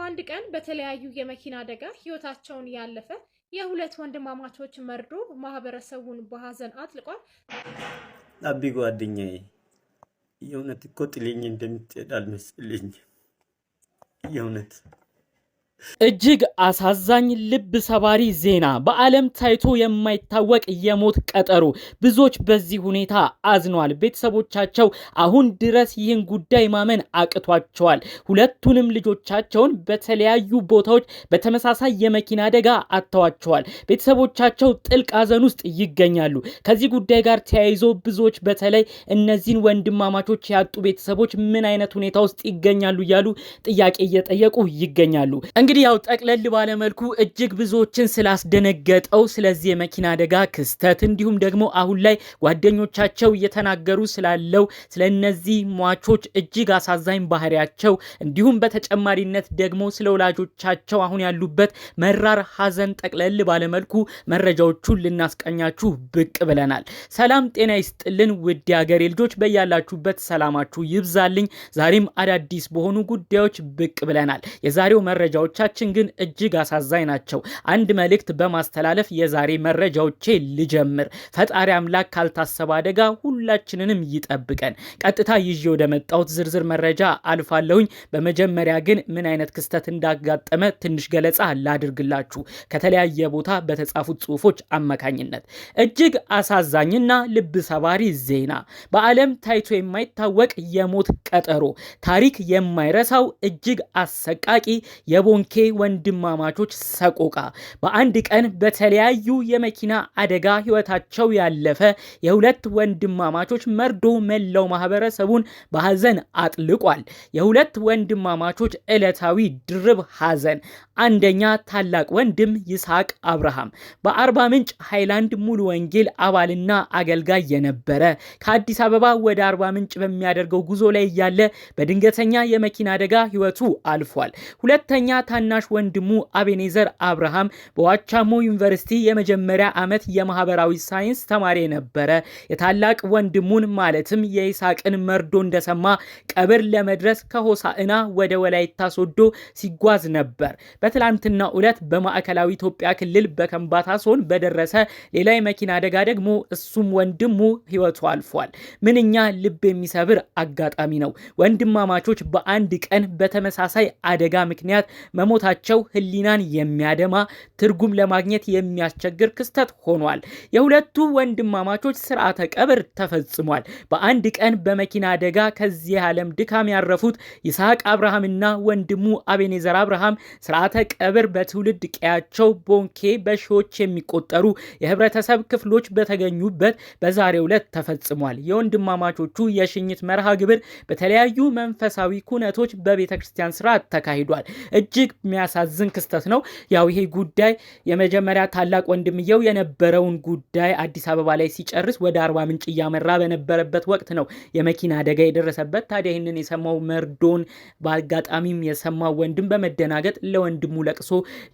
በአንድ ቀን በተለያዩ የመኪና አደጋ ህይወታቸውን ያለፈ የሁለት ወንድማማቾች መርዶ ማህበረሰቡን በሀዘን አጥልቋል። አቢ ጓደኛዬ የእውነት እኮ ጥልኝ እንደምትሄድ አልመሰለኝም የእውነት እጅግ አሳዛኝ ልብ ሰባሪ ዜና! በዓለም ታይቶ የማይታወቅ የሞት ቀጠሮ። ብዙዎች በዚህ ሁኔታ አዝነዋል። ቤተሰቦቻቸው አሁን ድረስ ይህን ጉዳይ ማመን አቅቷቸዋል። ሁለቱንም ልጆቻቸውን በተለያዩ ቦታዎች በተመሳሳይ የመኪና አደጋ አጥተዋቸዋል። ቤተሰቦቻቸው ጥልቅ ሐዘን ውስጥ ይገኛሉ። ከዚህ ጉዳይ ጋር ተያይዞ ብዙዎች በተለይ እነዚህን ወንድማማቾች ያጡ ቤተሰቦች ምን አይነት ሁኔታ ውስጥ ይገኛሉ እያሉ ጥያቄ እየጠየቁ ይገኛሉ። እንግዲህ ያው ጠቅለል ባለመልኩ እጅግ ብዙዎችን ስላስደነገጠው ስለዚህ የመኪና አደጋ ክስተት እንዲሁም ደግሞ አሁን ላይ ጓደኞቻቸው እየተናገሩ ስላለው ስለነዚህ ሟቾች እጅግ አሳዛኝ ባህሪያቸው እንዲሁም በተጨማሪነት ደግሞ ስለ ወላጆቻቸው አሁን ያሉበት መራር ሐዘን ጠቅለል ባለመልኩ መረጃዎቹን ልናስቀኛችሁ ብቅ ብለናል። ሰላም ጤና ይስጥልን ውድ የአገሬ ልጆች በያላችሁበት ሰላማችሁ ይብዛልኝ። ዛሬም አዳዲስ በሆኑ ጉዳዮች ብቅ ብለናል። የዛሬው መረጃዎች መረጃዎቻችን ግን እጅግ አሳዛኝ ናቸው። አንድ መልእክት በማስተላለፍ የዛሬ መረጃዎቼ ልጀምር። ፈጣሪ አምላክ ካልታሰበ አደጋ ሁላችንንም ይጠብቀን። ቀጥታ ይዤ ወደ መጣሁት ዝርዝር መረጃ አልፋለሁኝ። በመጀመሪያ ግን ምን አይነት ክስተት እንዳጋጠመ ትንሽ ገለጻ ላድርግላችሁ ከተለያየ ቦታ በተጻፉት ጽሁፎች አማካኝነት እጅግ አሳዛኝና ልብ ሰባሪ ዜና በዓለም ታይቶ የማይታወቅ የሞት ቀጠሮ ታሪክ የማይረሳው እጅግ አሰቃቂ የቦን የስልኬ ወንድማማቾች ሰቆቃ በአንድ ቀን በተለያዩ የመኪና አደጋ ህይወታቸው ያለፈ የሁለት ወንድማማቾች መርዶ መላው ማህበረሰቡን በሐዘን አጥልቋል። የሁለት ወንድማማቾች ዕለታዊ ድርብ ሐዘን። አንደኛ ታላቅ ወንድም ይስሐቅ አብርሃም በአርባ ምንጭ ሃይላንድ ሙሉ ወንጌል አባልና አገልጋይ የነበረ ከአዲስ አበባ ወደ አርባ ምንጭ በሚያደርገው ጉዞ ላይ እያለ በድንገተኛ የመኪና አደጋ ህይወቱ አልፏል። ሁለተኛ ታናሽ ወንድሙ አቤኔዘር አብርሃም በዋቻሞ ዩኒቨርሲቲ የመጀመሪያ ዓመት የማህበራዊ ሳይንስ ተማሪ ነበረ። የታላቅ ወንድሙን ማለትም የይስሐቅን መርዶ እንደሰማ ቀብር ለመድረስ ከሆሳዕና ወደ ወላይታ ሶዶ ሲጓዝ ነበር። በትላንትና ዕለት በማዕከላዊ ኢትዮጵያ ክልል በከምባታ ሶን በደረሰ ሌላ የመኪና አደጋ ደግሞ እሱም ወንድሙ ህይወቱ አልፏል። ምንኛ ልብ የሚሰብር አጋጣሚ ነው። ወንድማማቾች በአንድ ቀን በተመሳሳይ አደጋ ምክንያት መሞታቸው ህሊናን የሚያደማ ትርጉም ለማግኘት የሚያስቸግር ክስተት ሆኗል። የሁለቱ ወንድማማቾች ስርዓተ ቀብር ተፈጽሟል። በአንድ ቀን በመኪና አደጋ ከዚህ ዓለም ድካም ያረፉት ይስሐቅ አብርሃምና ወንድሙ አቤኔዘር አብርሃም ስርዓተ ቀብር በትውልድ ቀያቸው ቦንኬ በሺዎች የሚቆጠሩ የህብረተሰብ ክፍሎች በተገኙበት በዛሬው ዕለት ተፈጽሟል። የወንድማማቾቹ የሽኝት መርሃ ግብር በተለያዩ መንፈሳዊ ኩነቶች በቤተ ክርስቲያን ስርዓት ተካሂዷል። እጅግ እጅግ የሚያሳዝን ክስተት ነው። ያው ይሄ ጉዳይ የመጀመሪያ ታላቅ ወንድምየው የነበረውን ጉዳይ አዲስ አበባ ላይ ሲጨርስ ወደ አርባ ምንጭ እያመራ በነበረበት ወቅት ነው የመኪና አደጋ የደረሰበት። ታዲያ ይህንን የሰማው መርዶን በአጋጣሚም የሰማው ወንድም በመደናገጥ ለወንድሙ ለቅሶ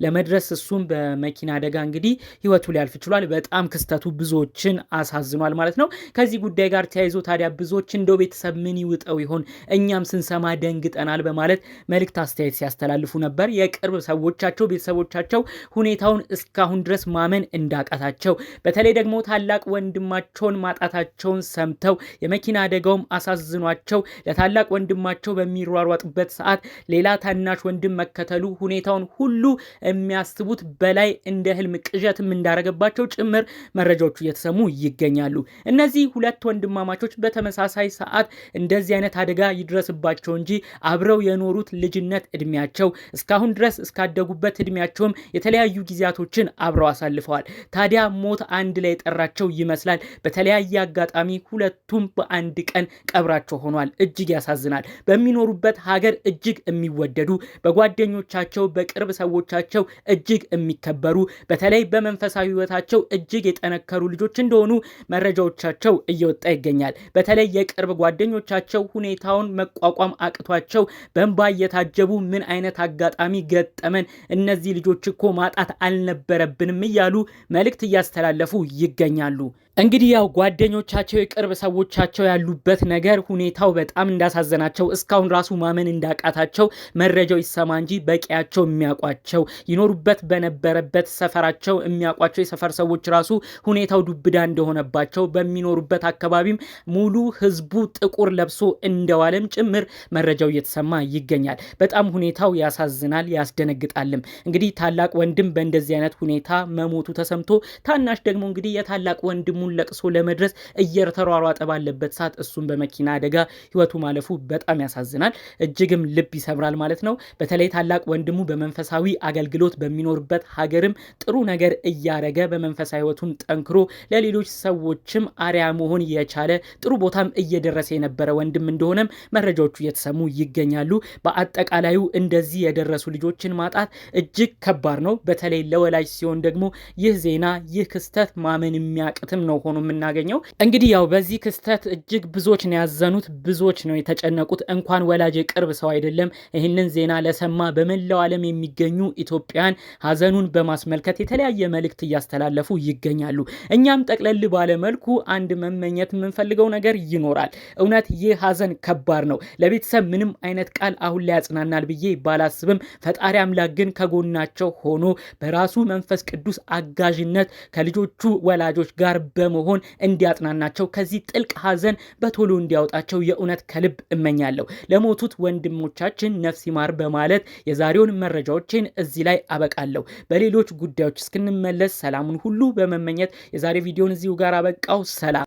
ለመድረስ እሱም በመኪና አደጋ እንግዲህ ህይወቱ ሊያልፍ ችሏል። በጣም ክስተቱ ብዙዎችን አሳዝኗል ማለት ነው። ከዚህ ጉዳይ ጋር ተያይዞ ታዲያ ብዙዎች እንደው ቤተሰብ ምን ይውጠው ይሆን እኛም ስንሰማ ደንግጠናል በማለት መልእክት አስተያየት ሲያስተላልፉ ነበር። ነበር። የቅርብ ሰዎቻቸው፣ ቤተሰቦቻቸው ሁኔታውን እስካሁን ድረስ ማመን እንዳቃታቸው በተለይ ደግሞ ታላቅ ወንድማቸውን ማጣታቸውን ሰምተው የመኪና አደጋውም አሳዝኗቸው ለታላቅ ወንድማቸው በሚሯሯጡበት ሰዓት ሌላ ታናሽ ወንድም መከተሉ ሁኔታውን ሁሉ የሚያስቡት በላይ እንደ ህልም ቅዠትም እንዳረገባቸው ጭምር መረጃዎቹ እየተሰሙ ይገኛሉ። እነዚህ ሁለት ወንድማማቾች በተመሳሳይ ሰዓት እንደዚህ አይነት አደጋ ይድረስባቸው እንጂ አብረው የኖሩት ልጅነት እድሜያቸው እስካ እስካሁን ድረስ እስካደጉበት እድሜያቸውም የተለያዩ ጊዜያቶችን አብረው አሳልፈዋል። ታዲያ ሞት አንድ ላይ የጠራቸው ይመስላል። በተለያየ አጋጣሚ ሁለቱም በአንድ ቀን ቀብራቸው ሆኗል። እጅግ ያሳዝናል። በሚኖሩበት ሀገር እጅግ የሚወደዱ በጓደኞቻቸው በቅርብ ሰዎቻቸው እጅግ የሚከበሩ በተለይ በመንፈሳዊ ሕይወታቸው እጅግ የጠነከሩ ልጆች እንደሆኑ መረጃዎቻቸው እየወጣ ይገኛል። በተለይ የቅርብ ጓደኞቻቸው ሁኔታውን መቋቋም አቅቷቸው በእንባ እየታጀቡ ምን አይነት አጋጣሚ አጋጣሚ ገጠመን፣ እነዚህ ልጆች እኮ ማጣት አልነበረብንም እያሉ መልእክት እያስተላለፉ ይገኛሉ። እንግዲህ ያው ጓደኞቻቸው የቅርብ ሰዎቻቸው ያሉበት ነገር ሁኔታው በጣም እንዳሳዘናቸው እስካሁን ራሱ ማመን እንዳቃታቸው መረጃው ይሰማ እንጂ በቂያቸው የሚያውቋቸው ይኖሩበት በነበረበት ሰፈራቸው የሚያውቋቸው የሰፈር ሰዎች ራሱ ሁኔታው ዱብዳ እንደሆነባቸው በሚኖሩበት አካባቢም ሙሉ ሕዝቡ ጥቁር ለብሶ እንደዋለም ጭምር መረጃው እየተሰማ ይገኛል። በጣም ሁኔታው ያሳዝናል፣ ያስደነግጣልም። እንግዲህ ታላቅ ወንድም በእንደዚህ አይነት ሁኔታ መሞቱ ተሰምቶ ታናሽ ደግሞ እንግዲህ የታላቅ ወንድሙ የወንድሙን ለቅሶ ለመድረስ እየተሯሯጠ ባለበት ሰዓት እሱን በመኪና አደጋ ህይወቱ ማለፉ በጣም ያሳዝናል፣ እጅግም ልብ ይሰብራል ማለት ነው። በተለይ ታላቅ ወንድሙ በመንፈሳዊ አገልግሎት በሚኖርበት ሀገርም ጥሩ ነገር እያረገ በመንፈሳዊ ህይወቱም ጠንክሮ ለሌሎች ሰዎችም አሪያ መሆን የቻለ ጥሩ ቦታም እየደረሰ የነበረ ወንድም እንደሆነም መረጃዎቹ እየተሰሙ ይገኛሉ። በአጠቃላዩ እንደዚህ የደረሱ ልጆችን ማጣት እጅግ ከባድ ነው። በተለይ ለወላጅ ሲሆን ደግሞ ይህ ዜና ይህ ክስተት ማመን የሚያቅትም ነው ነው ሆኖ የምናገኘው። እንግዲህ ያው በዚህ ክስተት እጅግ ብዙዎች ነው ያዘኑት፣ ብዙዎች ነው የተጨነቁት። እንኳን ወላጅ ቅርብ ሰው አይደለም ይህንን ዜና ለሰማ በመላው ዓለም የሚገኙ ኢትዮጵያን ሀዘኑን በማስመልከት የተለያየ መልእክት እያስተላለፉ ይገኛሉ። እኛም ጠቅለል ባለመልኩ አንድ መመኘት የምንፈልገው ነገር ይኖራል። እውነት ይህ ሀዘን ከባድ ነው። ለቤተሰብ ምንም አይነት ቃል አሁን ላይ ያጽናናል ብዬ ባላስብም ፈጣሪ አምላክ ግን ከጎናቸው ሆኖ በራሱ መንፈስ ቅዱስ አጋዥነት ከልጆቹ ወላጆች ጋር በ በመሆን እንዲያጥናናቸው ከዚህ ጥልቅ ሐዘን በቶሎ እንዲያወጣቸው የእውነት ከልብ እመኛለሁ። ለሞቱት ወንድሞቻችን ነፍስ ይማር በማለት የዛሬውን መረጃዎችን እዚህ ላይ አበቃለሁ። በሌሎች ጉዳዮች እስክንመለስ ሰላሙን ሁሉ በመመኘት የዛሬ ቪዲዮን እዚሁ ጋር አበቃው። ሰላም